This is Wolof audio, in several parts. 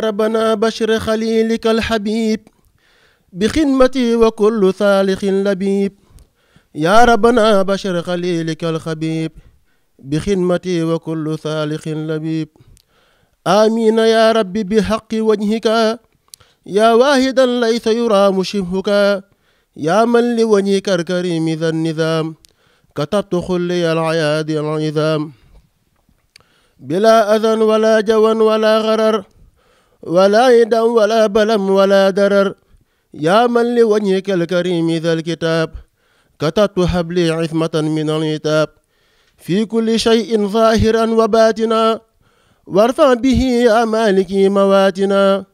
yaa rabbana bashir xaliilika alxabiib bi xidmati wa kullu saalixin labiib yaa rabbana bashir xaliilika alxabiib bi xidmati wa kullu saalixin labiib aamiina yaa rabbi bi xaqi wajhika yaa waahidan laysa yuraamu shibhuka yaa man li wajhika alkarimi za nizaam katabtu xulli alxayaadi alizaam bila adan wala jawan wala xarar ولا يدا ولا بلم ولا درر يا من لوجهك الكريم ذا الكتاب كتبت حبلي عثمة من العتاب في كل شيء ظاهرا وباتنا وارفع به يا مالكي مواتنا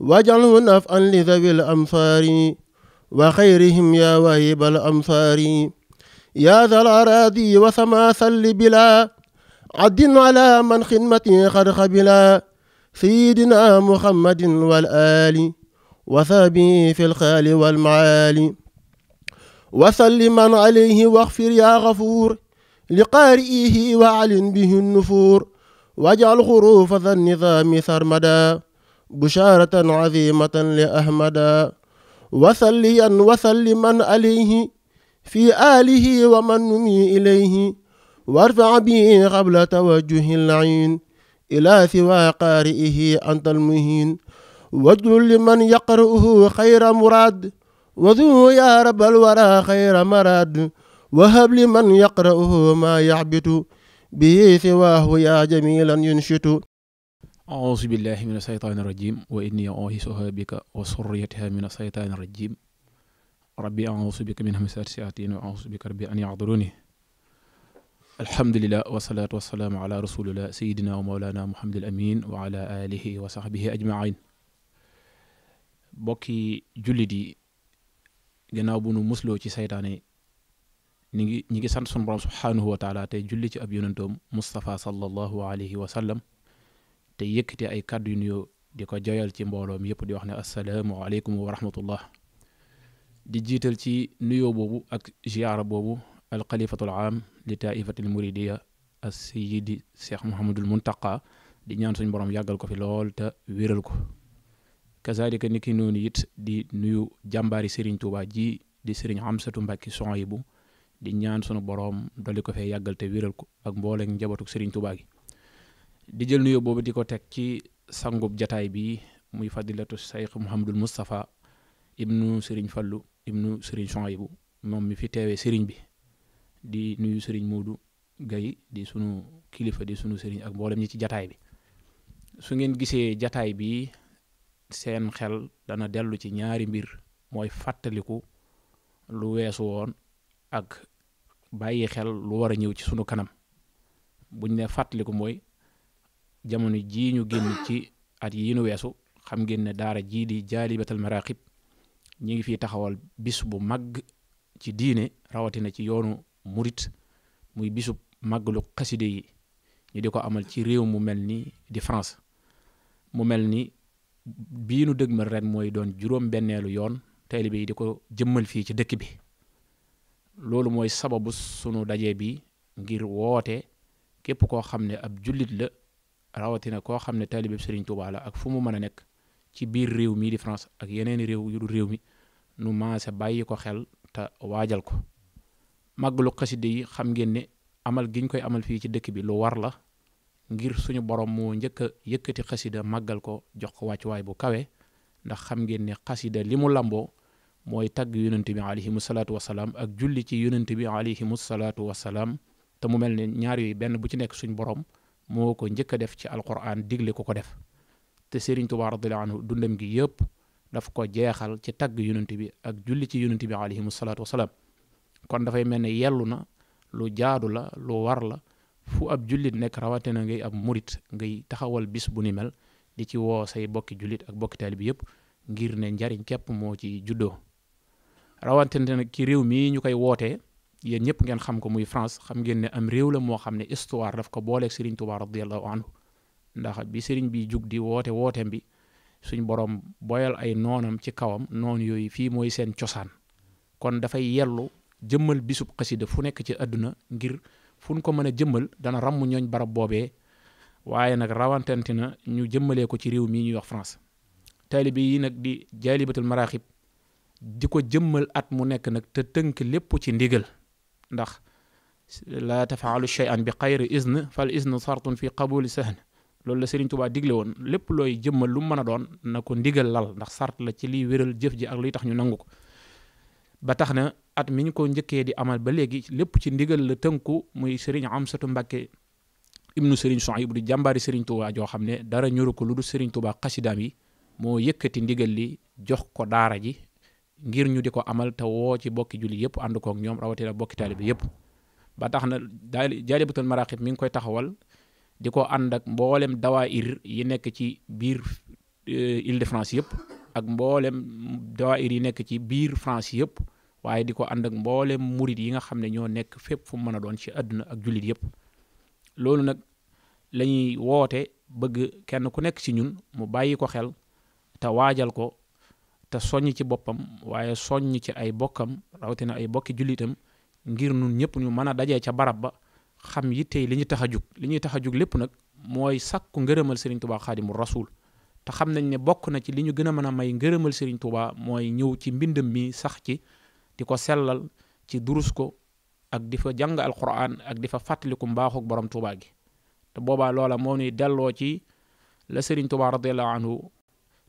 واجعله نفعا لذوي الأمصار وخيرهم يا واهب الأمصار يا ذا الأراضي وسما سل بلا عد على من خدمتي قد خبلا سيدنا محمد والآل وصحبه في الخال والمعالي وسلما عليه واغفر يا غفور لقارئه وعلن به النفور واجعل خروف ذا النظام سرمدا بشارة عظيمة لأحمدا وسليا وسلما عليه في آله ومن نمي إليه وارفع به قبل توجه العين ilaa siwaa qaari'ihi antal muhin wajlul liman yaqra'uhu xayra muraad wadu yaa rabal wara xayra maraad wahab liman yaqra'uhu maa yaxbitu bihi siwaahu yaa jamiilan yunshitu auzu billahi min asheytaani irajim wa inni u'iizuha bika wa surriyataha min asheytaani irajim rabbi auzu bika min hamasaati shayaatiin wa auzu bika rabbi an yaxduruuni alhamdulilah wasalaatu wasalaamu ala rasulillah sayidina wa maulana muhammadil amin wa ala wa sahbihi ajmain bokki jullit yi gannaaw bu nu musloo ci saytaane ñi ngi ñi ngi sant sunu borom subhaanahu wa taala tey julli ci ab yonantoom Moustapha sallallahu wa sallam te yëkkate ay kàddu yu nuyoo di ko joyal ci mbooloom yëpp di wax ne asalaamu aleykum wa rahmatullah di jiital ci nuyo boobu ak ziyaara boobu alxalifatul aam li taifatil muridiya as sayidi cheikh Mouhamadul Muntaqa di ñaan suñ borom yàggal ko fi lool te wéral ko kazalika ni ki noonu it di nuyu jàmbaari Serigne Touba ji di Serigne Amsatu Mbàkke bu di ñaan sunu borom dolli ko fee yàggal te wéral ko ak mboolem njabootu Serigne Touba gi di jël nuyu boobu di ko teg ci sangub jataay bi muy fadilatu cheikh Mouhamadul Moustapha ibnu Serigne Fallu ibnu Serigne Sohaybu moom mi fi teewee Serigne bi di nuyu Serigne Modou Gaye di sunu kilifa di sunu sëriñ ak mboolem ñi ci jataay bi su ngeen gisee jataay bi seen xel dana dellu ci ñaari mbir mooy fàttaliku lu weesu woon ak bàyyi xel lu war a ñëw ci sunu kanam buñ ne fàttaliku mooy jamono jii ñu génn ci at yii nu weesu xam ngeen ne daara jii di jaalibatal maraqib ñi ngi fi taxawal bis bu mag ci diine rawatina ci yoonu murit muy bisub màggalu xaside yi ñu di ko amal ci réew mu mel ni di France mu mel ni bii nu dëgg dëgmal ren mooy doon juróom benneelu yoon taalibe yi di ko jëmmal fii ci dëkk bi loolu mooy sababu sunu daje bi ngir woote képp koo xam ne ab jullit la rawatina koo xam ne taalibe Sëriñ Tuubaa la ak fu mu mën a nekk ci biir réew mii di France ak yeneeni réew yu du réew mi nu maase bàyyi ko xel te waajal ko màggalu xaside yi xam ngeen ne amal gi ñu koy amal fii ci dëkk bi lu war la ngir suñu borom moo njëkk a yëkkati xasida màggal ko jox ko wàccuwaay bu kawe ndax xam ngeen ne xasida li mu lamboo mooy tagg yonent bi alayhimu salaatu wasalaam ak julli ci yonent bi alayhimu salaatu wasalaam te mu mel ne ñaar yooyu benn bu ci nekk suñu borom moo ko njëkk a def ci alquran digle ko ko def te Serigne Touba radiyallahu anhu dundam gi yëpp daf ko jeexal ci tagg yonent bi ak julli ci yonent bi alayhimu salaatu wasalaam kon dafay mel ne yellu na lu jaadu la lu war la fu ab jullit nekk rawatina ngay ab murit ngay taxawal bis bu ni mel di ci woo say bokki jullit ak bokki taalibe bi yëpp ngir ne njariñ képp moo ci juddoo rawatina nag ci réew mii ñu koy woote yéen ñëpp ngeen xam ko muy France xam ngeen ne am réew la moo xam ne histoire daf ko booleeg Serigne Touba radiyallahu anhu ndax bi Serigne bi jug di woote wooteem bi suñ boroom boyal ay noonam ci kawam noon yooyu fii mooy seen cosaan jëmmal bisub xasida fu nekk ci àdduna ngir fu ko mën a jëmmal dana ràmm ñooñ barab boobee waaye nag rawantanti na ñu jëmmalee ko ci réew mii ñuy wax France taalibe yi nag di jaalibatul maraaxib di ko jëmmal at mu nekk nag te tënk lépp ci ndigal ndax la tafaalu shay'an bi xayri izn fal izn sartun fi qabuli sahn loolu la Serigne Touba digle woon lépp looy jëmmal lu mën a doon na ko ndigal lal ndax sart la ci liy wéral jëf ji ak luy tax ñu nangu ko ba at mi ñu ko njëkkee di amal ba léegi lépp ci ndigal la tënku muy Serigne Amsatu Mbàkke ibnu Serigne Souhaïbou di jàmbaari Serigne Touba joo xam ne dara ñuru ko lu du Serigne Touba xasidaam yi moo yëkkati ndigal li jox ko daara ji ngir ñu di ko amal te woo ci bokki julli yëpp ànd kook ñoom rawatina bokki taalibe yëpp ba tax na daal jaalibatul maraqib mi ngi koy taxawal di ko ànd ak mboolem dawaayir yi nekk ci biir euh, Île-de-France yëpp ak mboolem dawaayir yi nekk ci biir France yëpp waaye di ko ànd ak mboolem murit yi nga xam ne ñoo nekk fépp fu mu mën a doon ci àdduna ak jullit yëpp loolu nag lañuy woote bëgg kenn ku nekk ci ñun mu bàyyi ko xel te waajal ko te soññ ci boppam waaye soññ ci ay bokkam rawatina ay bokki jullitam ngir nun ñëpp ñu mën a dajee ca barab ba xam yi tey li ñu tax a jug li ñuy tax a jug lépp nag mooy sàkku ngërëmal Serigne Touba mu Rasuul te xam nañ ne bokk na ci li ñu gën a mën a may ngërëmal Serigne Touba mooy ñëw ci mbindam mi sax ci di ko sellal ci durus ko ak di fa jàng alquran ak di fa fàttaliku mbaaxug borom tuubaa gi te boobaa loola moo ñuy delloo ci la sëriñ tuubaa radiallahu anhu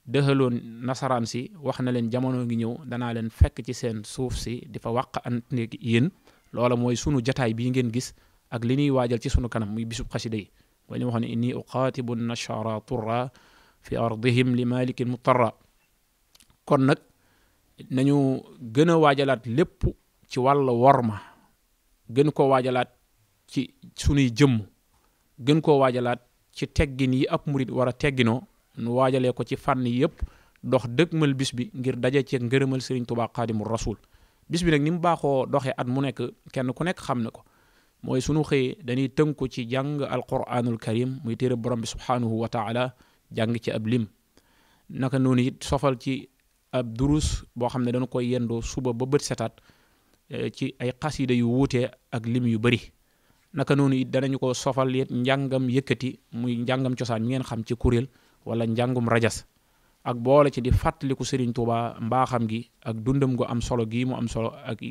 dëxaloon nasaraan si wax na leen jamono ngi ñëw danaa leen fekk ci seen suuf si di fa wàq ante yéen loola mooy sunu jataay bii ngeen gis ak li ñuy waajal ci sunu kanam muy bisub xasida yi mooy li ma waxoon inni uqaatibu nashara fi ardihim li malikin mutarra kon nag nañu gën a waajalaat lépp ci wàll worma gën koo waajalaat ci sunuy jëmm gën koo waajalaat ci teggin yi ab murit war a tegginoo nu waajalee ko ci fànn yëpp dox dëgmal bis bi ngir daje ci ngërëmal Serigne Touba Xaadimu Rasul bisbi nag ni mu baaxoo doxee at mu nekk kenn ku nekk xam na ko mooy sunu xëyee dañuy ko ci jàng alquranul karim muy téere borom bi subhaanahu wa taala jàng ci ab lim naka noonu sofal ci ab durus boo xam ne dañu koy yendoo suba ba bët setaat eh, ci ay xasida yu wuutee ak lim yu bëri naka noonu it danañu ko sofal it njàngam yëkkati muy njàngam cosaan mi ngeen xam ci kuréel wala njàngum rajas ak boole ci di fàttaliku Serigne Touba mbaaxam gi ak dundam gu am solo gii mu am solo ak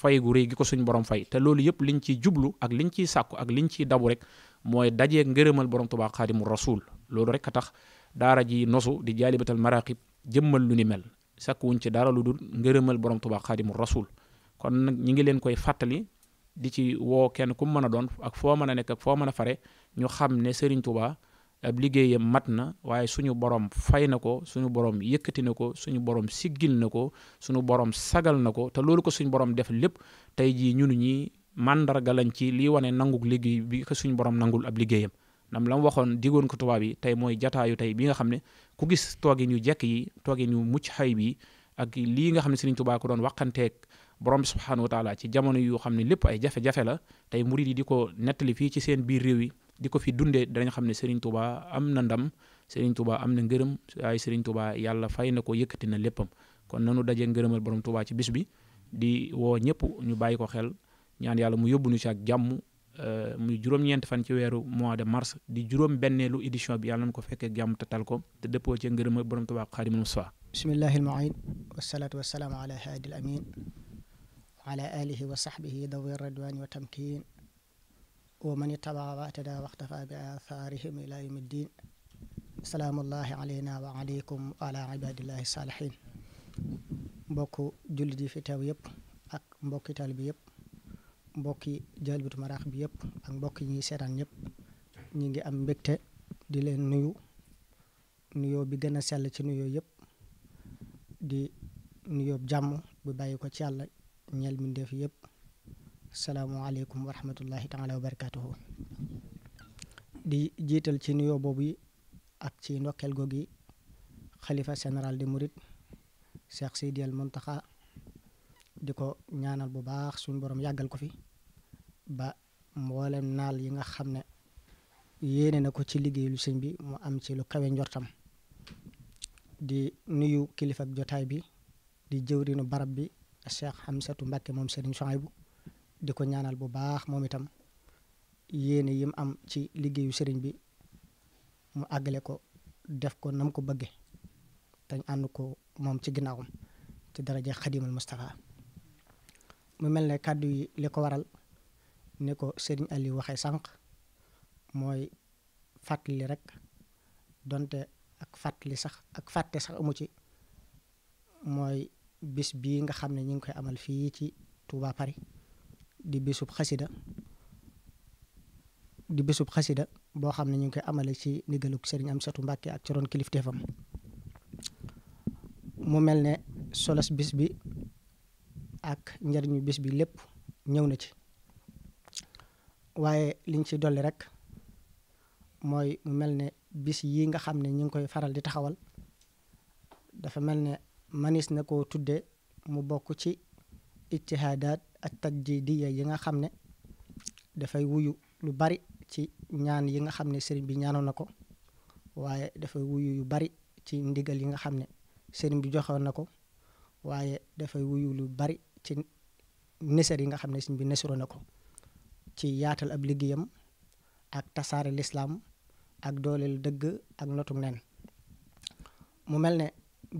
fay gu rey gi ko suñ borom fay te loolu yëpp liñ ciy jublu ak liñ ciy sàkku ak liñ ciy dabu rek mooy dajee ngërëmal borom Touba xaadimu rasul loolu rek a tax daara ji nosu di jaalibatal maraqib jëmmal lu ni mel sakk wuñ ci dara lu dul ngërëmal borom Tuubaa Xaadimu Rasuul kon nag ñi ngi leen koy fàttali di ci woo kenn ku mu mën a doon ak foo mën a nekk ak foo mën a fare ñu xam ne Serigne Touba ab liggéeyam mat na waaye suñu borom fay na ko suñu borom yëkkati na ko suñu borom siggil na ko suñu borom sagal na ko te loolu ko suñu borom def lépp tey jii ñun ñi màndarga lañ ci lii wane nanguk liggéey bi suñu borom nangul ab liggéeyam. nam la mu waxoon digoon ko tubaab yi tey mooy jataayu tey bi nga xam ne ku gis toogin yu jekk yi toogin yu mucc xay bi ak lii nga xam ne Sëriñ Tuubaa ko doon waxanteeg borom bi subhaanahu wa taala ci jamono yoo xam ne lépp ay jafe-jafe la tey murid yi di ko nettali fii ci seen biir réew yi di ko fi dundee danañ xam ne Sëriñ Tuubaa am na ndam Sëriñ Tuubaa am na ngërëm ay Sëriñ Tuubaa yàlla fay na ko yëkkati na léppam kon nanu daje ngërëmal borom Tuubaa ci bis bi di ko xel ñaan mu yóbbu ñu ci ak jàmm Euh, muy juróom-ñeent fan ci weeru mois de mars di juróom benneelu édition bi yàlla na ko fekkee jàmm te ko te dëppoo ci ngërëma borom Tuubaa Xaadimu Mustafaa bismillahi almuin wasalaatu wasalaamu ala haadi al amin wa ala alihi wa bi athaarihim ila yawmi ddin salaamullahi alayna wa aleykum wa ala ibadillahi saalihin mbokk jullit fi teew yëpp ak mbokki mbokki Jalibatu Maraax bi yëpp ak mbokk yi ñuy seetaan ñëpp ñu ngi am mbégte di leen nuyu nuyoo bi gën a sell ci nuyoo yëpp di nuyoo jàmm bu bàyyi ko ci yàlla ñeel mbindeef yëpp salaamaaleykum wa rahmatullahi taala wa barakaatuhu di jiital ci nuyoo boobu yi ak ci ndokkeel googi xalifa général di Mouride Cheikh Seydi El di ko ñaanal bu baax suñu borom yàggal ko fi ba mboolem naal yi nga xam ne yéene na ko ci liggéeyu sëñ bi mu am ci lu kawe njortam di nuyu kilifa jotaay bi di jëwrinu barab bi Cheikh Hamsatu Mbàkke moom Serigne Souhaïbou di ko ñaanal bu baax moom itam yéene yim am ci liggéeyu sëriñ bi mu àggale ko def ko nam ko bëgge te ànd ko moom ci ginnaawam ci daraja Xadimal Mustafa mu mel ne kàddu yi li ko waral ni ko sëriñ Aliou waxe sànq mooy fàttali rek donte ak fàttali sax ak fàtte sax amu ci mooy bis bii nga xam ne ñu ngi koy amal fii ci Touba Paris di bisub xasida di bisub xasida boo xam ne ñu ngi koy amale ci ndigalug sëriñ Amsatu Mbàkke ak ci ron kilifteefam mu mel ne solos bis bi ak njariñu bis bi lépp ñëw na ci waaye liñ ci dolli rek mooy mu mel ne bis yi nga xam ne ñu ngi koy faral di taxawal dafa mel ne manis na koo tudde mu bokk ci ijtihaadaat ak tajdidiya yi nga xam ne dafay wuyu lu bari ci ñaan yi nga xam ne sëriñ bi ñaanoon na ko waaye dafay wuyu yu bari ci ndigal yi nga xam ne sëriñ bi joxoon na ko waaye dafay wuyu lu bari ci neser yi nga xam ne sëñ bi neseroo na ko ci yaatal ab liggéeyam ak tasaare lislaam ak dooleel dëgg ak notum neen mu mel ne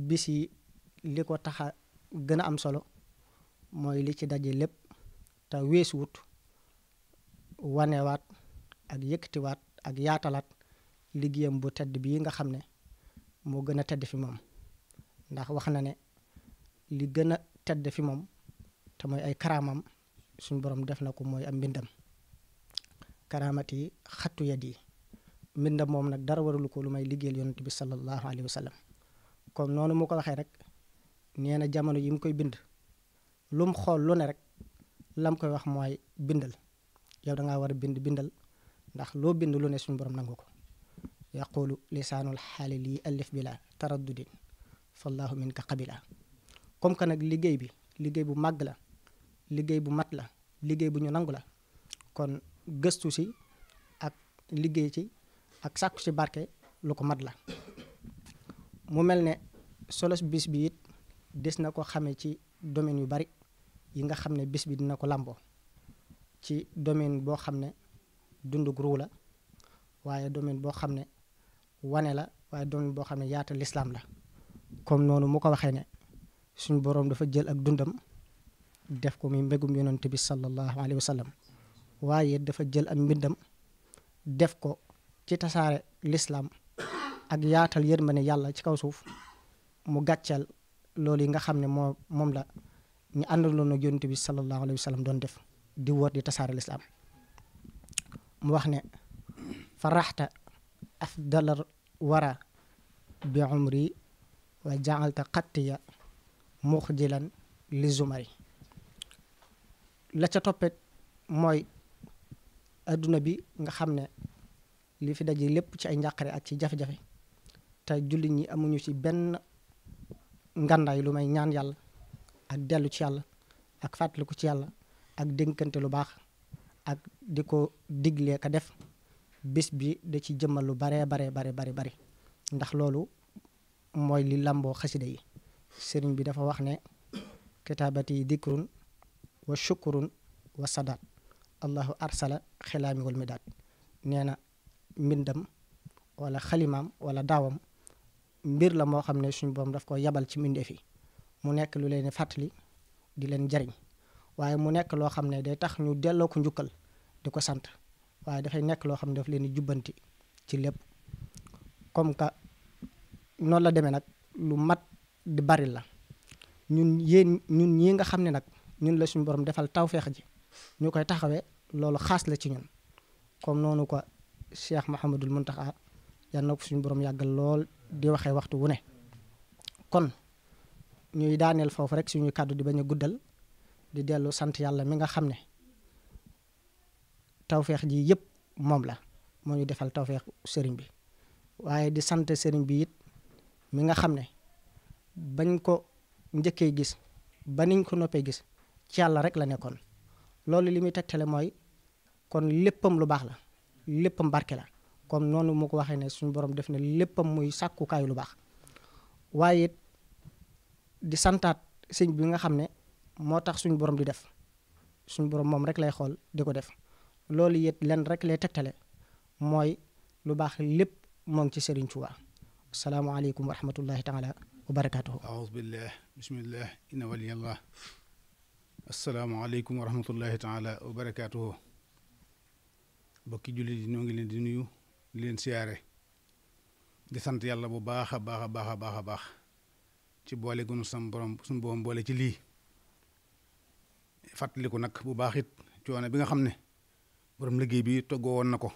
bis yi li ko taxa gën a am solo mooy li ci daje lépp te weesuwut wanewaat ak yëkkatiwaat ak yaatalaat liggéeyam bu tedd bii nga xam ne moo gën a tedd fi moom ndax wax na ne li gën a tedd fi moom te mooy ay karaamam suñu borom def na ko mooy am mbindam karaamati xattu yat yi mbindam moom nag dara waralu ko lu may liggéeyal yonent bi sallallahu alayhi wa kon noonu mu ko waxee rek nee na jamono yi mu koy bind lu xool lu ne rek lam koy wax mooy bindal yow da war a bind bindal ndax loo bind lu ne suñu borom nangu ko yaqulu lisaanul xaali lii alif bi la taraddudin fallahu min ka qabila comme que nag liggéey bi liggéey bu màgg la liggéey bu mat la liggéey bu ñu nangu la kon gëstu si ak liggéey ci ak sàkku si barke lu ko mat la mu mel ne solos bis bi it des na ko xamee ci domaine yu bari yi nga xam ne bis bi dina ko làmboo ci domaine boo xam ne dundug ruu la waaye domaine boo xam ne wane la waaye domaine boo xam ne yaata lislaam la kon noonu mu ko waxee ne suñu boroom dafa jël ak dundam def ko muy mbégum yonent bi sallallahu alayhi wa sallam waaye dafa jël am mbindam def ko ci tasaare lislaam ak yaatal ne yàlla ci kaw suuf mu gàcceel loolu yi nga xam ne moo moom la ñu àndaloon ak yonent bi sallallahu alayhi wa sallam doon def di wër di tasaare lislaam mu wax ne faraxta afdalal wara bi umri wa jaalta xattiya muxjilan li zumari la ca toppet mooy adduna bi nga xam ne li fi daje lépp ci ay njàqare ak ci jafe-jafe te jullit ñi amuñu ci benn ngandaay lu may ñaan yàlla ak dellu ci yàlla ak fàttaliku ci yàlla ak dénkante lu baax ak di ko diglee ko def bis bi da ci jëmmal lu baree bare bare bari bari ndax loolu mooy li làmboo xasida yi sëriñ bi dafa wax ne kitaabati dikrun wa shukurun wa sadaat allahu arsala xilaami wal midaat nee na mbindam wala xalimaam wala daawam mbir la moo xam ne suñu boom daf ko yabal ci mbindeef yi mu nekk lu leen fàttali di leen jariñ waaye mu nekk loo xam ne day tax ñu delloo ko njukkal di ko sant waaye dafay nekk loo xam ne daf leen di jubbanti ci lépp comme que noonu la demee nag lu mat di bari la ñun yéen ñun ñii nga xam ne nag ñun la suñu borom defal tawféex ji ñu koy taxawee loolu xaas la ci ñun comme noonu ko Cheikh Mouhamadul Mountakha yal na ko suñu borom yàggal lool di waxee waxtu wu ne kon ñuy daaneel foofu rek suñu kàddu di bañ a guddal di dellu sant yàlla mi nga xam ne tawfeex ji yëpp moom la moo ñu defal tawféex sëriñ bi waaye di sant sëriñ bi it mi nga xam ne bañ ko njëkkee gis ba niñ ko noppee gis ci yàlla rek la nekkoon loolu li muy tegtale mooy kon léppam lu baax la léppam barke la kon noonu mu ko waxee ne suñu borom def na léppam muy sàkkukaay lu baax waaye it di santaat sëñ bi nga xam ne moo tax suñu borom di def suñu borom moom rek lay xool di ko def loolu it len rek lay tegtale mooy lu baax lépp moo ngi ci Serigne Touba asalaamaaleykum wa rahmatullahi taala wa barakaatuhu. aouzu billah bismillah inna waliyallah asalaamaaleykum wa rahmatullahi taala wa barakaatuhu bokki jullit yi ñoo ngi leen di nuyu di leen siyaare di sant yàlla bu baax a baax a baax a baax a baax ci boole gunu sam borom suñu boole ci lii fàttaliku nag bu baaxit it coono bi nga xam ne borom liggéey bi toggoo woon na ko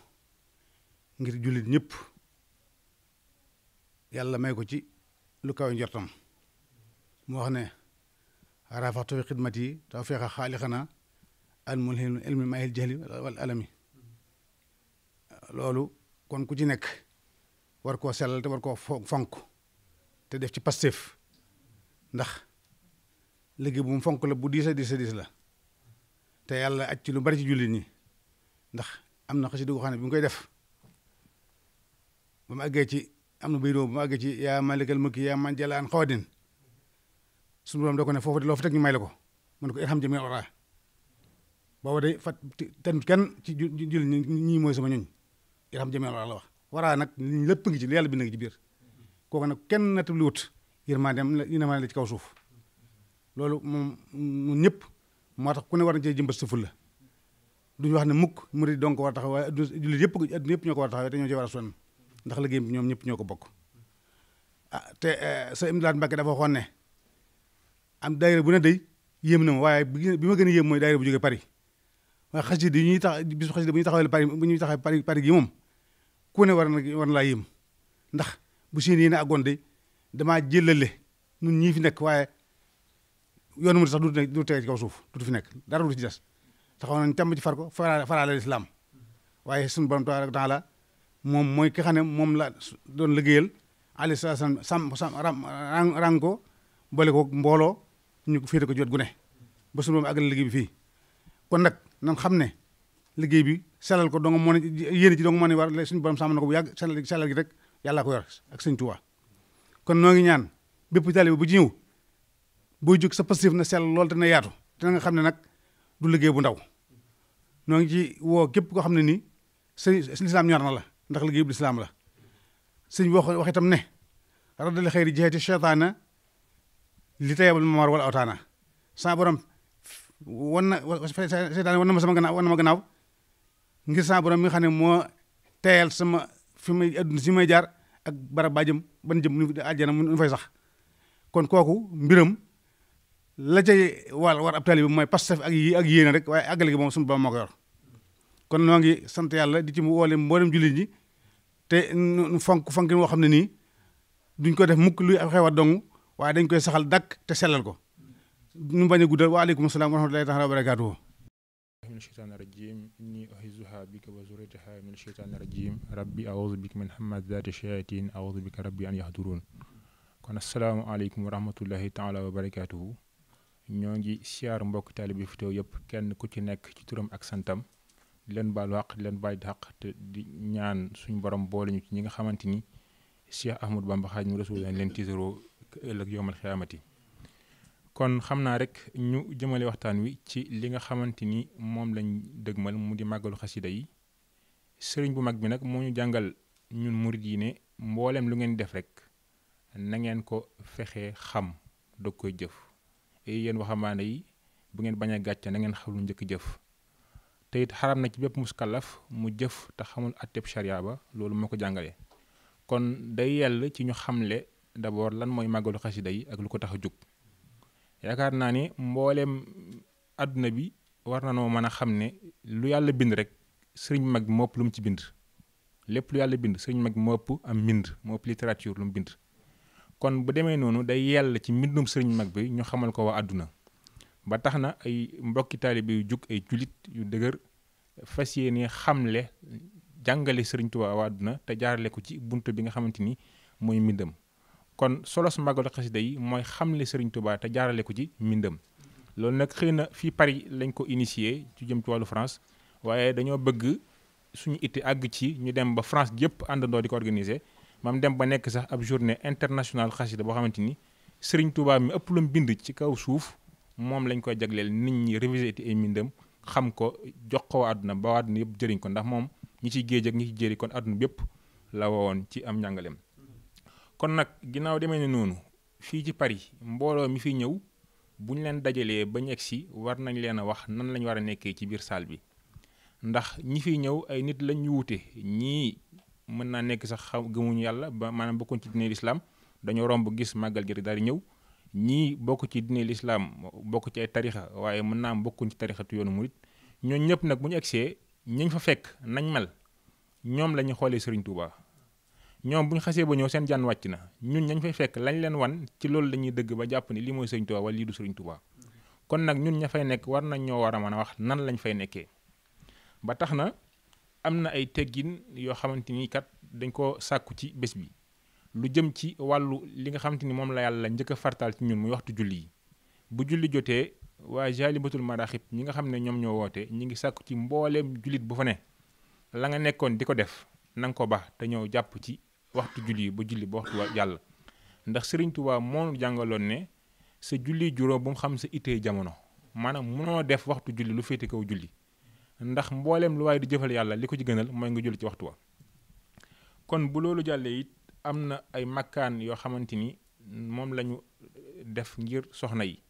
ngir jullit ñépp yàlla may ko ci lu kaw njortam mu wax ne rafaxtu fi xidmat yi taw feexa xaalixana al mulhil ilmi mahil jahli wal alami loolu kon ku ci nekk war koo sellal te war koo fonk te def ci Pastef ndax léegi bu mu fonk la bu diis a diis la te yàlla aj ci lu bari ci jullit ñi ndax am na xasida goo xam bi mu koy def ba mu àggee ci am na bay bu ba mu àggee ci yaa malikal mulki yaa man jalaan xawadin suñu borom de ko ne foofu de loo fa teg ñu may la ko mu ne ko irham jami ora booba day fat ten kenn ci jul mooy sama ñuñ irham jami ora la wax waraa nag lépp ngi ci yàlla bind ngi ci biir kooku nag kenn na lu wut yërmaandeem yërmaande la ci kaw suuf loolu mu ñun ñëpp moo tax ku ne war na cee jëmbat sa fulla duñu wax ne mukk mu di donc war a taxaw waaye yëpp adduna yëpp ñoo ko war a taxawee ci war a sonn ndax liggéey ñoom ñëpp ñoo ko bokk ah te eh, sa imdaat Mbàkke dafa waxoon am daayira bu ne day yéem na ma waaye bi ma gën a yéem mooy daayira bu jógee Paris waaye xasida yi ñuy tax bisu bu ñuy taxawal Paris bu ñuy taxawal Paris Paris gi moom ku ne war na war na laa yéem ndax bu seen yéene àggoon day damaa jëlale ñun ñii fi nekk waaye yoonu mu sax du du tege kaw suuf du fi nekk dara du ci des taxaw nañ tàmm far ko faraale faraale lislaam waaye suñu borom tabaaraka taala moom mooy ki xam moom la doon liggéeyal alayhi salaam sam sam rang ko boole ko mbooloo ñu ko féete ko jot gu ne ba suñu moom àggale liggéey bi fii kon nag nan xam ne liggéey bi selal ko donga moo ne yéene ci donga moo ne war suñu borom sàmm na ko bu yàgg selal selal gi rek yàlla ko yor ak sëñ Tuubaa kon noo ngi ñaan bépp taalibe bu ci ñëw booy jóg sa passif na sell lool te na yaatu te na nga xam ne nag du liggéey bu ndaw noo ngi ci woo képp koo xam ne nii sëñ lislaam ñor na la ndax liggéey bu lislaam la sëñ wax wax itam ne radal xëy di jeexee ci cheytaana li tayabul mamar wala awtaana sa borom wan na seytaane wan na ma sama gannaaw wan ma gannaaw ngir sa borom mi nga moo teyal sama fi may adduna si may jaar ak barab baa jëm ban jëm nu àjjana nu fay sax kon kooku mbiram la cay war war ab taalibe bi mooy pastef ak yi ak yéene rek waaye àggale gi moom suñu ba moo ko kon noo ngi sant yàlla di ci woole mboolem jullit ñi te fonk fonk woo xam ne nii duñ ko def mukk luy xew a dong waa dañ koy saxal dakk te sellal ko ñu bañ guddal waaleykum salaam wa rahmatullahi taala wa barakaatuhu من الشيطان الرجيم إني أعيذها بك وذريتها من الشيطان الرجيم ربي أعوذ بك من همزات الشياطين أعوذ بك ربي أن يحضرون kon asalaamaaleykum wa rahmatullahi taala wa ñoo ngi siyaar mbokk taalibe bi fi teew yëpp kenn ku ci nekk ci turam ak santam di leen baalu xaq leen bàyyi di xaq te di ñaan suñu borom boole ñu ci ñi nga xamante ni Cheikh Ahmadou Bamba Xaadimu Rasuul leen tiitaroo ak ëllëg yowmal xiyaamati kon xam naa rek ñu jëmale waxtaan wi ci li nga xamante ni moom lañ dëgmal mu di màggalu xasida yi sëriñ bu mag bi nag moo ñu jàngal ñun murid yi ne mboolem lu ngeen def rek na ngeen ko fexe xam dog koy jëf e yéen waxambaane yi bu ngeen bañ a gàcce na ngeen xam lu njëkk jëf te it na ci bépp muskalaf mu jëf te xamul atteb charia ba loolu moo ko jàngale kon day yell ci ñu xamle d'abord lan mooy màggalu xasida yi ak lu ko tax a jóg yaakaar naa ne mbooleem àdduna bi war na noo mën a xam ne lu yàlla bind rek sëriñ mag bi mopp lu mu ci bind lépp lu yàlla bind sëriñ mag bi mopp am mbind mopp littérature lu mu bind kon bu demee noonu day yàlla ci mbindum sëriñ mag bi ñu xamal ko waa àdduna ba tax na ay mbokki taalibe yu jug ay julit yu dëgër fas yéene xamle jàngale sëriñ Tuubaa waa àdduna te jaarale ko ci bunt bi nga xamante ni mooy kon solos màggalu xasida yi mooy xamle Serigne Touba te jaarale ko ci mbindam loolu nag xëy na fii Paris lañ ko initié ci jëm ci wàllu France waaye dañoo bëgg suñu itti àgg ci ñu dem ba France yëpp àndandoo di ko organiser maam dem ba nekk sax ab journée internationale xasida boo xamante ni Serigne Touba mi ëpp lu mu bind ci kaw suuf moom lañ koy jagleel nit ñi réviser ay mbindam xam ko jox ko waa àdduna ba waa àdduna yëpp jëriñ ko ndax moom ñi ciy géej ak ñi ci kon àdduna bi yëpp ci am njàngaleem. kon nag ginnaaw demee ne noonu fii ci Paris mbooloo mi fi ñëw bu ñu leen dajalee ba ñu egg si war nañ leen a wax nan lañ war a nekkee ci biir saal bi ndax ñi fi ñëw ay nit lañ ñu wuute ñii mën naa nekk sax xam gëmuñu yàlla ba maanaam bokkuñ ci diine lislaam dañoo romb gis màggal gi daal di ñëw ñii bokk ci diine lislaam bokk ci ay tarixa waaye mën naa am bokkuñ ci tarixatu yoonu murit ñooñ ñëpp nag bu ñu see ñañ fa fekk nañ mal ñoom la ñu xoolee Serigne Touba. ñoom bu ñu xasee ba ñëw seen jaan wàcc na ñun ñañ fay fekk lañ leen wan ci loolu lañuy ñuy dëgg ba jàpp ni li mooy sëriñ Tuubaa wala lii du sëriñ Tuubaa kon nag ñun ña fay nekk war nañ ñoo war a mën a wax nan lañ fay nekkee ba tax na am na ay teggin yoo xamante ni kat dañ ko sàkku ci bés bi lu jëm ci wàllu li nga xamante ni moom la yàlla njëkk a fartaal ci ñun muy waxtu julli yi bu julli jotee waa Jaalibatul Maraaxib ñi nga xam ne ñoom ñoo woote ñu ngi sàkku ci mbooleem jullit bu fa ne la nga nekkoon di ko def na ko baax te ñëw jàpp ci waxtu julli ba julli ba waxtu jàll ndax Serigne Touba moo jàngaloon ne sa julli juróom bu mu xam sa ittee jamono maanaam munoo def waxtu julli lu féete kaw julli ndax mbooleem lu waaye di jëfal yàlla li ko ci gënal mooy nga julli ci waxtu wa kon bu loolu jàllee it am na ay makkaan yoo xamante ni moom lañu def ngir soxna yi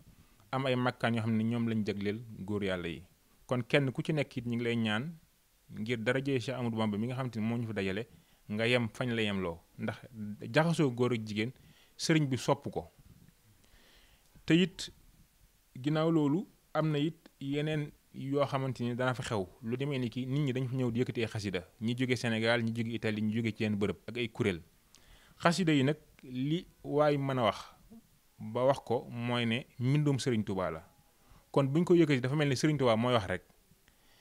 am ay makkaan yoo xam ne ñoom lañu jëgleel góor yàlla yi kon kenn ku ci nekk it ñu ngi lay ñaan ngir darajee Cheikh Amadou Bamba mi nga xamante ni moo ñu fa dajale nga yem fañ la yem loo ndax jaxasoo góor ak jigéen sëriñ bi sopp ko te it ginnaaw loolu am na it yeneen yoo xamante ni dana fa xew lu demee ni ki nit ñi dañ fi ñëw di yëkkati ay xasida ñi jóge Sénégal ñi jóge Italie ñi jóge ci yenn bërëb ak ay kuréel xasida yi nag li waay mën a wax ba wax ko mooy ne mbindum sëriñ Touba kon bu ñu ko yëkkati dafa mel ni sëriñ Touba mooy wax rek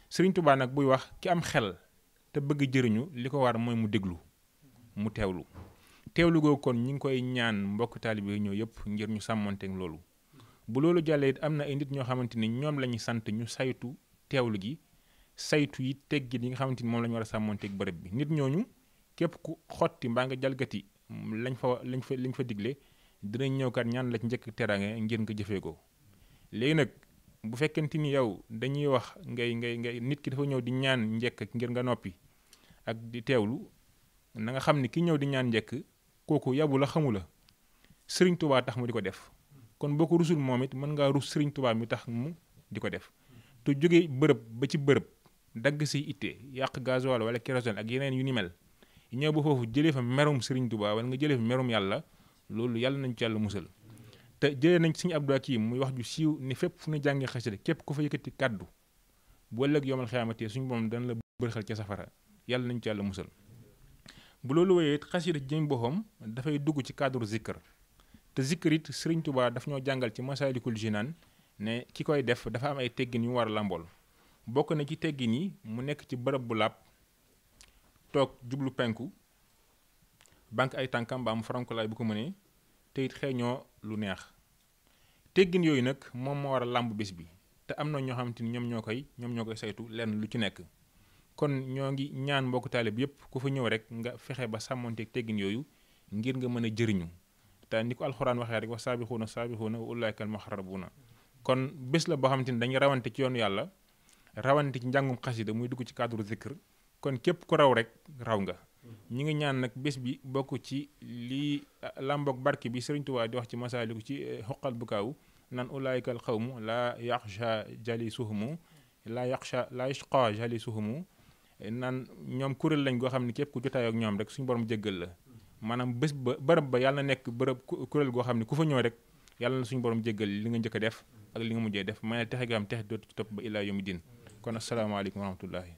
sëriñ Touba nag buy wax ki am xel te bëgg jëriñu li ko war mooy mu déglu mu teewlu teewlu googu kon ñi ngi koy ñaan mbokk taalibe yi ñëw yëpp ngir ñu sàmmanteeg loolu bu loolu jàllee it am na ay nit ñoo xamante ni ñoom la sant ñu saytu teewlu gi saytu yi teggin yi nga xamante ni moom la war a sàmmanteeg bërëb bi nit ñooñu képp ku xotti mbaa nga jalgati lañ fa lañ fa lañ fa digle dinañ ñëw kat ñaan la ci njëkk teraanga ngir nga jëfee ko léegi nag bu fekkente ni yow dañuy wax ngay ngay nit ki dafa ñëw di ñaan njëkk ngir nga noppi ak di teewlu na nga xam ni ki ñëw di ñaan njëkk kooku yabu la xamu la sëriñ tubaa tax mu di ko def kon boo ko rusul moom it mën ngaa rus sëriñ tubaa mi tax mu di ko def te jóge bërëb ba ci bërëb dagg si ite yàq gasoil wala kérosène ak yeneen yu ni mel ñëw ba foofu jëlee fa merum sëriñ tubaa wala nga jëlee fa merum yàlla loolu yàlla nañ ci yàlla musal te jëlee nañ ci sëñ Abdou Hakim muy wax ju siiw ni fépp fu ñu jàngee xasida képp ku fa yëkkati kàddu bu ëllëg yomal xiyaamate suñu borom dana la bërxal ca safara yàlla nañ ci yàlla musal bu loolu wéyee xasida jëm boppam dafay dugg ci cadre zikkër te zikkër it Sëriñ Tuubaa daf ñoo jàngal ci Masaalikul Jinaan ne ki koy def dafa am ay teggin yu war a làmbool bokk na ci teggin yi mu nekk ci bërëb bu làpp toog jublu penku banque ay tànkam ba am bu ko mënee te it xeeñoo lu neex teggin yooyu nag moom moo war a làmb bés bi te am na ñoo xamante ni ñoom ñoo koy ñoom ñoo koy saytu lenn lu ci nekk kon ñoo ngi ñaan mbokku taalib yëpp ku fa ñëw rek nga fexe ba sàmmonteeg teggin yooyu ngir nga mën a jëriñu te ni ko alxuraan waxee rek wa saabixuuna saabixuuna wa ulaayka al muxarabuuna kon bés la boo xamante ni dañuy rawante ci yoonu yàlla rawante ci njàngum xasida muy dugg ci cadre zikr kon képp ku raw rek raw nga ñi ngi ñaan nag bés bi bokk ci lii euh, làmboog barke bi Sëriñ Tuubaa di wax ci masaaliku ci xoqal euh, bu kaaw nan ulaayka al xawmu laa yaxsha jalisuhumu laa yaxsha laa yashqa jalisuhumu naan ñoom kuréel lañ goo xam ne képp ku jotaay ak ñoom rek suñu borom jéggal la maanaam bés ba bërëb ba yàlla na nekk bërëb ku kuréel goo xam ne ku fa ñëw rek yàlla na suñu borom jéggal li nga njëkk def ak li nga mujjee def ma ne texe ga am texe dootu ci topp ba illaa yomi kon asalaamaaleykum wa rahmatullahi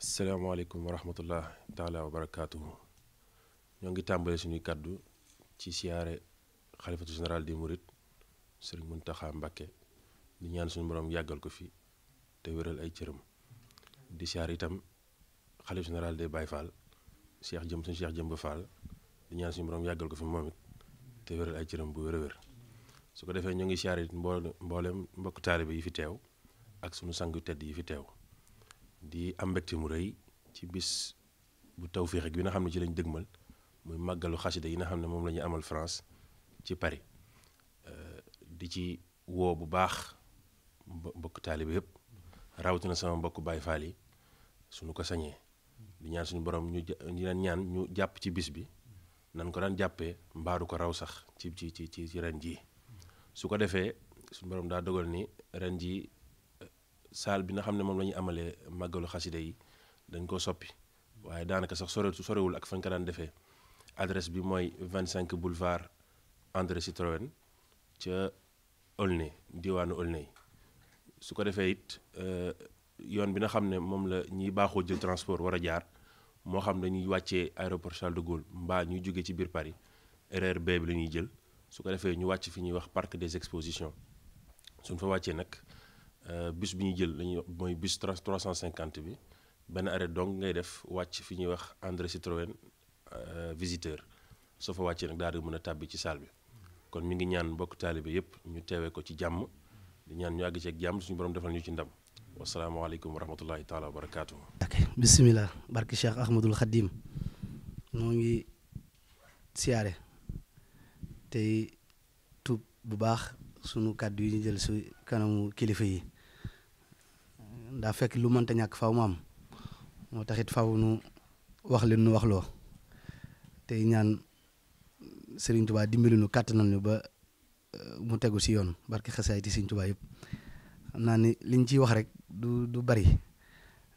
asalaamaaleykum wa rahmatullah taala wa barakaatuhu ñoo ngi tàmbale suñuy kàddu ci siyaare xalifatu général di murit sëriñ Muntaxa Mbàkke di ñaan suñu boroom yàggal ko fii te wéral ay cëram di siyaar itam xalif général des Baye Fall Cheikh Jëm suñu Cheikh Jëmb Fall di ñaan suñu borom yàggal ko fi moom it te wéral ay cëram bu wér a wér su ko defee ñu ngi siyaare it mbooleem mbokk taalibe yi fi teew ak suñu sang yu tedd yi fi teew di am mbégte mu rëy ci bis bu tawféex gi bi nga xam ne ci lañ dëgmal muy màggalu xasida yi nga xam ne moom la ñu amal France ci Paris euh, di ci woo bu baax mbokk taalibe yëpp rawatina sama mbokk Baye Fall yi suñu ko sañee di ñaan suñu borom ñu ñu leen ñaan ñu jàpp ci bis bi nan ko daan jàppee mbaaru ko raw sax ci ci ci ci ren jii su ko defee suñu borom daa dogal ni ren jii eh, saal bi nga xam ne moom la ñuy amalee màggalu xaside yi dañ koo soppi waaye daanaka sax sore sorewul ak fañ ko daan defee adresse bi mooy vingt 25 boulevard André Citroën ca Aulnay diwaanu Aulnay su ko defee it. Eh, yoon bi nga xam ne moom la ñiy baaxoo jël transport war a jaar moo xam dañuy wàccee aéroport Charles de Gaulle mbaa ñuy jógee ci biir Paris RER B bi la ñuy jël su ko defee ñu wàcc fi ñuy wax parc des expositions suñ fa wàccee nag euh, bus bi ñuy jël la ñuy wax mooy bus 350 bi benn arrêt donc ngay def wàcc fi ñuy wax André Citroën euh, visiteur soo fa wàccee nag daal mën a tàbbi ci salle bi kon mi ngi ñaan mbokk taalibe yépp ñu teewee ko ci jàmm ñaan ñu àgg ci ak jàmm suñu borom defal ñu ci ndam wasalaamaaleykum wa rahmatullahi taala wa barakaatu. ok bisimilah barki Cheikh Ahmadul Xadim moo ngi siyaare tey tuub bu baax sunu kàddu yi ñu jël si kanamu kilifa yi ndaa fekk lu mënta ñàkk faw mu am moo taxit faw nu wax leen nu waxloo tey ñaan Serigne Touba dimbali nu kàttanal ba eh, mu tegu si yoon barki xasaay ti Serigne Touba yëpp xam naa liñ ciy wax rek du du bari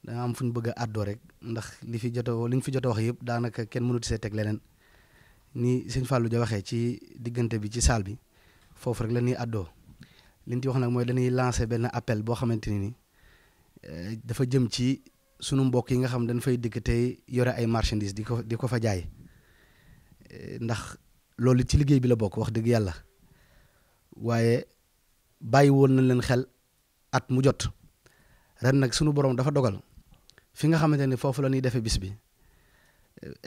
danga am fu ñu bëgg a àddoo rek ndax li fi jot a li ñu fi jot a yëpp daanaka kenn mënut see teg leneen ni sëñ Fallou ja waxee ci diggante bi ci saal bi foofu rek la ñuy àddoo li ñu ci wax nag mooy dañuy lancer benn appel boo xamante nii ni eh, dafa jëm ci sunu mbokk yi nga xam dañ fay dikk tey yore ay marchandise di ko di ko fa jaay eh, ndax loolu ci liggéey bi la bokk wax dëgg yàlla waaye bàyyi woon nañ leen xel at mu jot. ren nag sunu borom dafa dogal fi nga xamante ne foofu la ñuy defee bis bi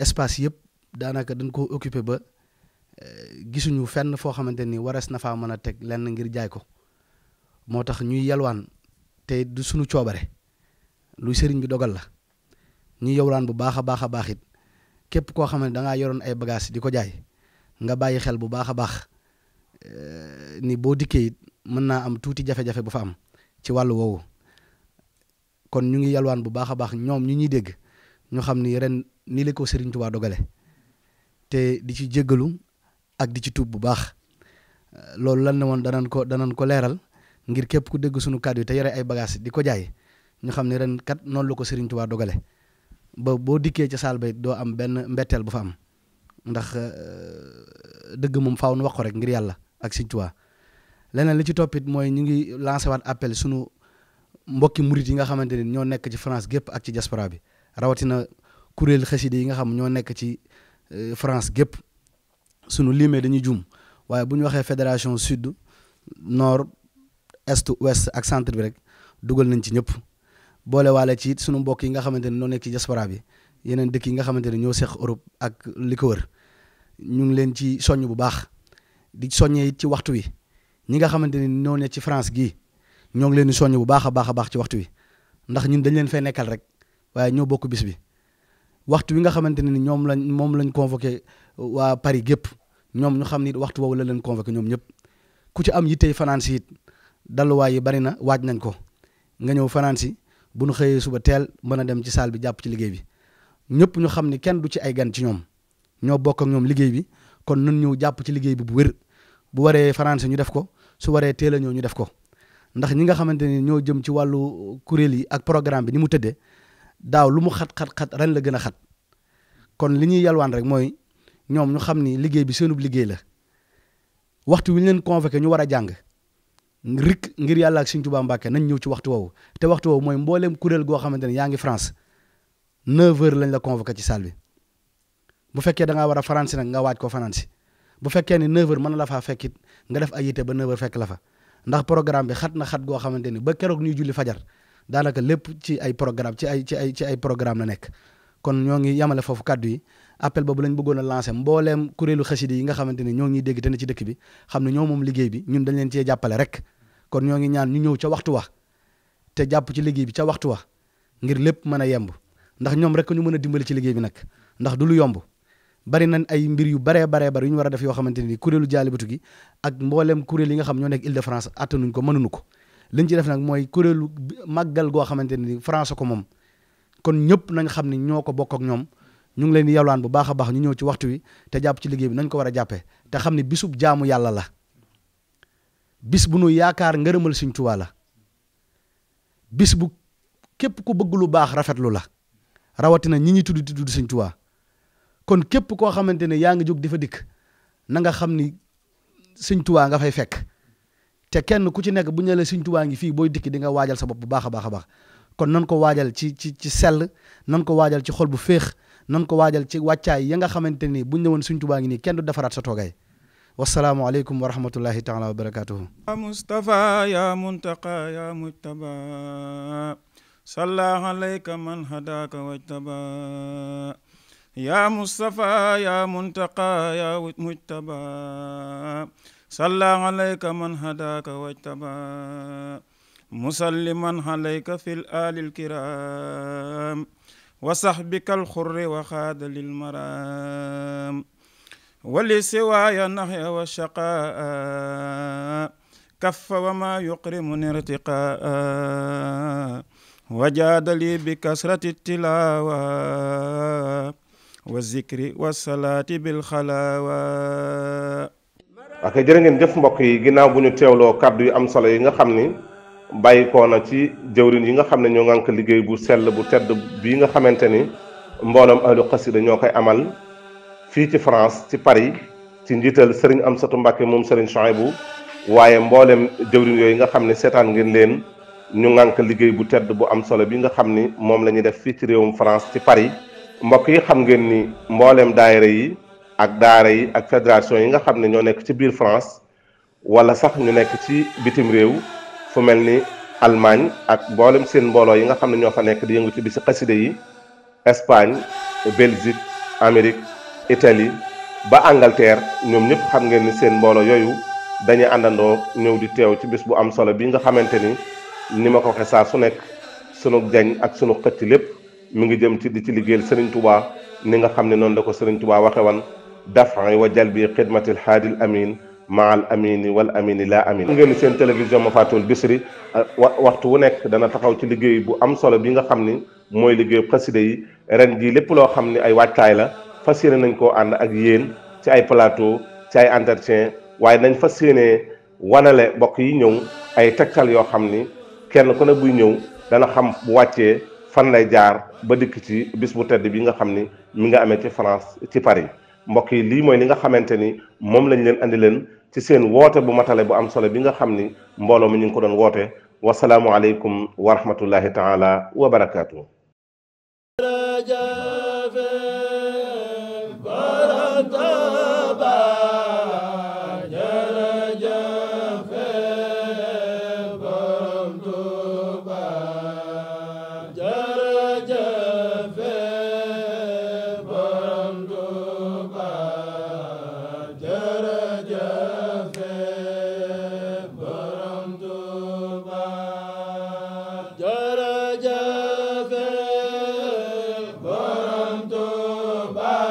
espace yëpp daanaka dañ ko occupé ba eh, gisuñu fenn foo xamante ni warees na faa mën a teg lenn ngir jaay ko moo tax ñuy yalwaan te du sunu coobare lu sëriñ bi dogal la ñuy yowlaan bu baax a baax a baax képp koo xam ne da ngaa yoroon ay bagages di ko jaay nga bàyyi xel bu baax a baax eh, ni boo dikkee it mën naa am tuuti jafe-jafe bu fa am ci wàllu woowu. kon ñu ngi yalwaan bu baax baax ñoom ñu ñuy dégg ñu xam ni ren ni la ko Serigne Touba dogale te di ci jéggalu ak di ci tuub bu baax loolu lan ne woon danañ ko danañ ko leeral ngir képp ku dégg sunu kàddu yi te yore ay bagages di ko jaay ñu xam ne ren kat noon la ko Serigne Touba dogale ba boo dikkee ca saal bay doo am benn mbetteel bu fa am ndax euh, dëgg moom faaw nu wax ko rek ngir yàlla ak Serigne leneen li ci toppit mooy ñu ngi lancé waat mbokki murit yi nga xamante ne ñoo nekk ci France gépp ak ci diaspora bi rawatina kuréel xaside yi nga xam ñoo nekk ci euh, France gépp sunu limee dañuy juum waaye bu ñu waxee fédération sud nord est west ak centre bi rek dugal nañ ci ñëpp boole waale ci sunu mbokk yi nga xamante ne ñoo nekk ci diaspora bi yeneen dëkk yi nga xamante ne ñoo seq Europe ak li ko wër ñu ngi leen ci soññ bu baax di soññee it ci waxtu wi ñi nga xamante ne ñoo ne ci France gii ñoo ngi leen di soññ bu baax a baax a baax ci waxtu wi ndax ñun dañ leen fee nekkal rek waaye ñoo bokk bis bi waxtu wi nga xamante ne ni ñoom lañ moom lañ convoqué uh, waa Paris gépp ñoom ñu xam ni waxtu woowu la leen convoqué ñoom ñëpp ku ci am yittey fanaan si it dalluwaay yi bari na waaj nañ ko nga ñëw fanaan si bu ñu xëyee suba teel mën a dem ci salle bi jàpp ci liggéey bi ñëpp ñu xam ni kenn du ci ay gan ci ñoom ñoo bokk ak ñoom liggéey bi kon nañ ñëw jàpp ci liggéey bi bu wér bu waree fanaan si ñu def ko su waree teela a ñu def ko ndax ñi nga xamante ni ñoo jëm ci wàllu kuréel yi ak programme bi ni mu tëddee daaw lu mu xat xat xat ren la gën a xat kon li ñuy yalwaan rek mooy ñoom ñu xam ni liggéey bi seenub liggéey la waxtu wi leen convoqué ñu war a jàng rik ngir yàlla ak Sëriñ Tuubaa Mbàkke nañ ñëw ci waxtu woowu te waxtu woowu mooy mbooleem kuréel goo xamante ne yaa ngi France 9h lañ la convoqué ci salle bi bu fekkee da ngaa war a France nag nga waaj ko France bu fekkee ni 9h mën na la faa fekkit nga def ay yite ba 9 fekk la fa. ndax programme bi xat na xat goo xamante ni ba keroog ñuy julli fajar daanaka lépp ci ay programme ci ay ci ay ci ay programme la nekk kon ñoo ngi yamale foofu kàddu yi appel boobu lañ bëggoon a lancé mbooleem kuréelu xasida yi nga xamante ni ñoo ngi dégg te ne ci dëkk bi xam ne ñoo moom liggéey bi ñun dañ leen cee jàppale rek kon ñoo ngi ñaan ñu ñëw ca waxtu wax te jàpp ci liggéey bi ca waxtu wax ngir lépp mën a yemb ndax ñoom rek ñu mën a dimbali ci liggéey bi nag ndax du lu yomb bari nañ ay mbir yu baree baree bari yu ñu war a def yoo xamante ne ni kuréelu jaalibatu gi ak mboolem kuréel yi nga xam ñoo nekk Île de France attanuñ ko mënuñu ko liñ ci def nag mooy kuréelu màggal goo xamante ne ni France ko moom kon ñëpp nañ xam ne ñoo ko bokk ak ñoom ñu ngi leen di yalwaan bu baax a baax ñu ñëw ci waxtu wi te jàpp ci liggéey bi nañ ko war a jàppee te xam ne bisub jaamu yàlla la bis bu nu yaakaar ngërëmal suñ Tuubaa la bis bu képp ku bëgg lu baax rafetlu la rawatina ñi ñi tudd tudd suñ Tuubaa kon képp koo xamante ne yaa nga jóg di fa dikk na nga xam ni Sëñ Tuubaa nga fay fekk te kenn ku ci nekk bu ñu la Sëñ Tuubaa ngi fii booy dikk dinga waajal sa bopp bu baax a baax kon nan ko waajal ci ci ci sell nan ko waajal ci xol bu feex nan ko waajal ci wàccaay ya nga xamante ni bu ñu woon Sëñ ngi nii kenn du defaraat sa toogaay wasalaamualeykum wa rahmatullahi taala wa barakatuhu ya mustafa ya muntaqa ya mujtaba salla alayka man hadaka يا مصطفى يا منتقى يا مجتبى صلى عليك من هداك واجتبى مسلما عليك في الآل الكرام وصحبك الخر وخاد للمرام ولسواي النحي والشقاء كف وما يقرمني ارتقاء وجاد لي بكسرة التلاوة wa zikri wa salaati bil xalaawa ak jërë ngeen jëf mbokk yi ginnaaw bu ñu teewloo kàddu yi am solo yi nga xam ni bàyyi ko na ci jëwrin yi nga xam ne ñoo ngànk liggéey bu sell bu tedd bii nga xamante ni mbooloom ahlu xasida ñoo koy amal fii ci France ci Paris ci njiital sëriñ Amsatu Mbàkke moom sëriñ bu waaye mboolem jëwrin yooyu nga xam ne seetaan ngeen leen ñu ngànk liggéey bu tedd bu am solo bii nga xam ni moom la ñuy def fii ci réewum France ci Paris mbokk yi xam ngeen ni mbooleem daayira yi ak daara yi ak fédération yi nga xam ne ñoo nekk ci biir France wala sax ñu nekk ci bitim réew fu mel ni Allemagne ak mboolem seen mbooloo yi nga xam ne ñoo fa nekk di yëngu ci bi si xaside yi Espagne Belgique Amérique Italie ba Angleterre ñoom ñëpp xam ngeen ni seen mbooloo yooyu dañuy àndandoo ñëw di teew ci bis bu am solo bi nga xamante ni ni ma ko waxee su nekk sunu jañ ak sunu xëcc lépp. mi ngi jëm ci di ci liggéeyal Serigne Touba ni nga xam ne noonu la ko Serigne Touba waxe woon dafa wa jalbi xidmatil haadil amin maal amini wal amini laa amin ngeen seen télévision ma fàttul Bichri waxtu wu nekk dana taxaw ci liggéey bu am solo bi nga xam ni mooy liggéeyu xasida yi ren jii lépp loo xam ne ay wàccaay la fas yéene nañ koo ànd ak yéen ci ay plateau ci ay entretien waaye nañ fas yéene wanale mbokk yi ñëw ay tegtal yoo xam ni kenn ku ne buy ñëw dana fan lay jaar ba dikk ci bis bu tedd bi nga xam ni mi nga amee ci France ci Paris mbokk yi lii mooy li nga xamante ni moom lañ leen andi leen ci seen woote bu matalee bu am solo bi nga xam ni mbooloo mi ñu ngi ko doon woote wasalaamualeykum wa rahmatullahi taala wa barakaatu. ba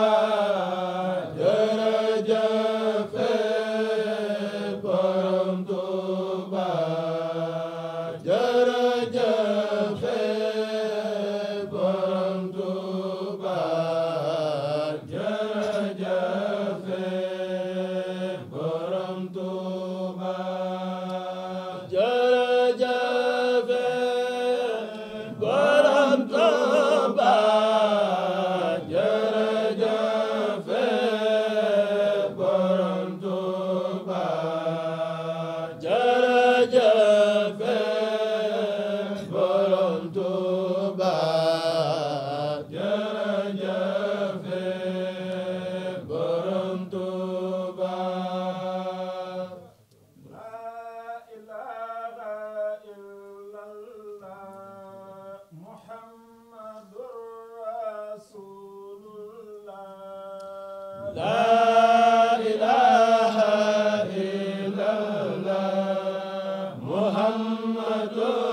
Muhammad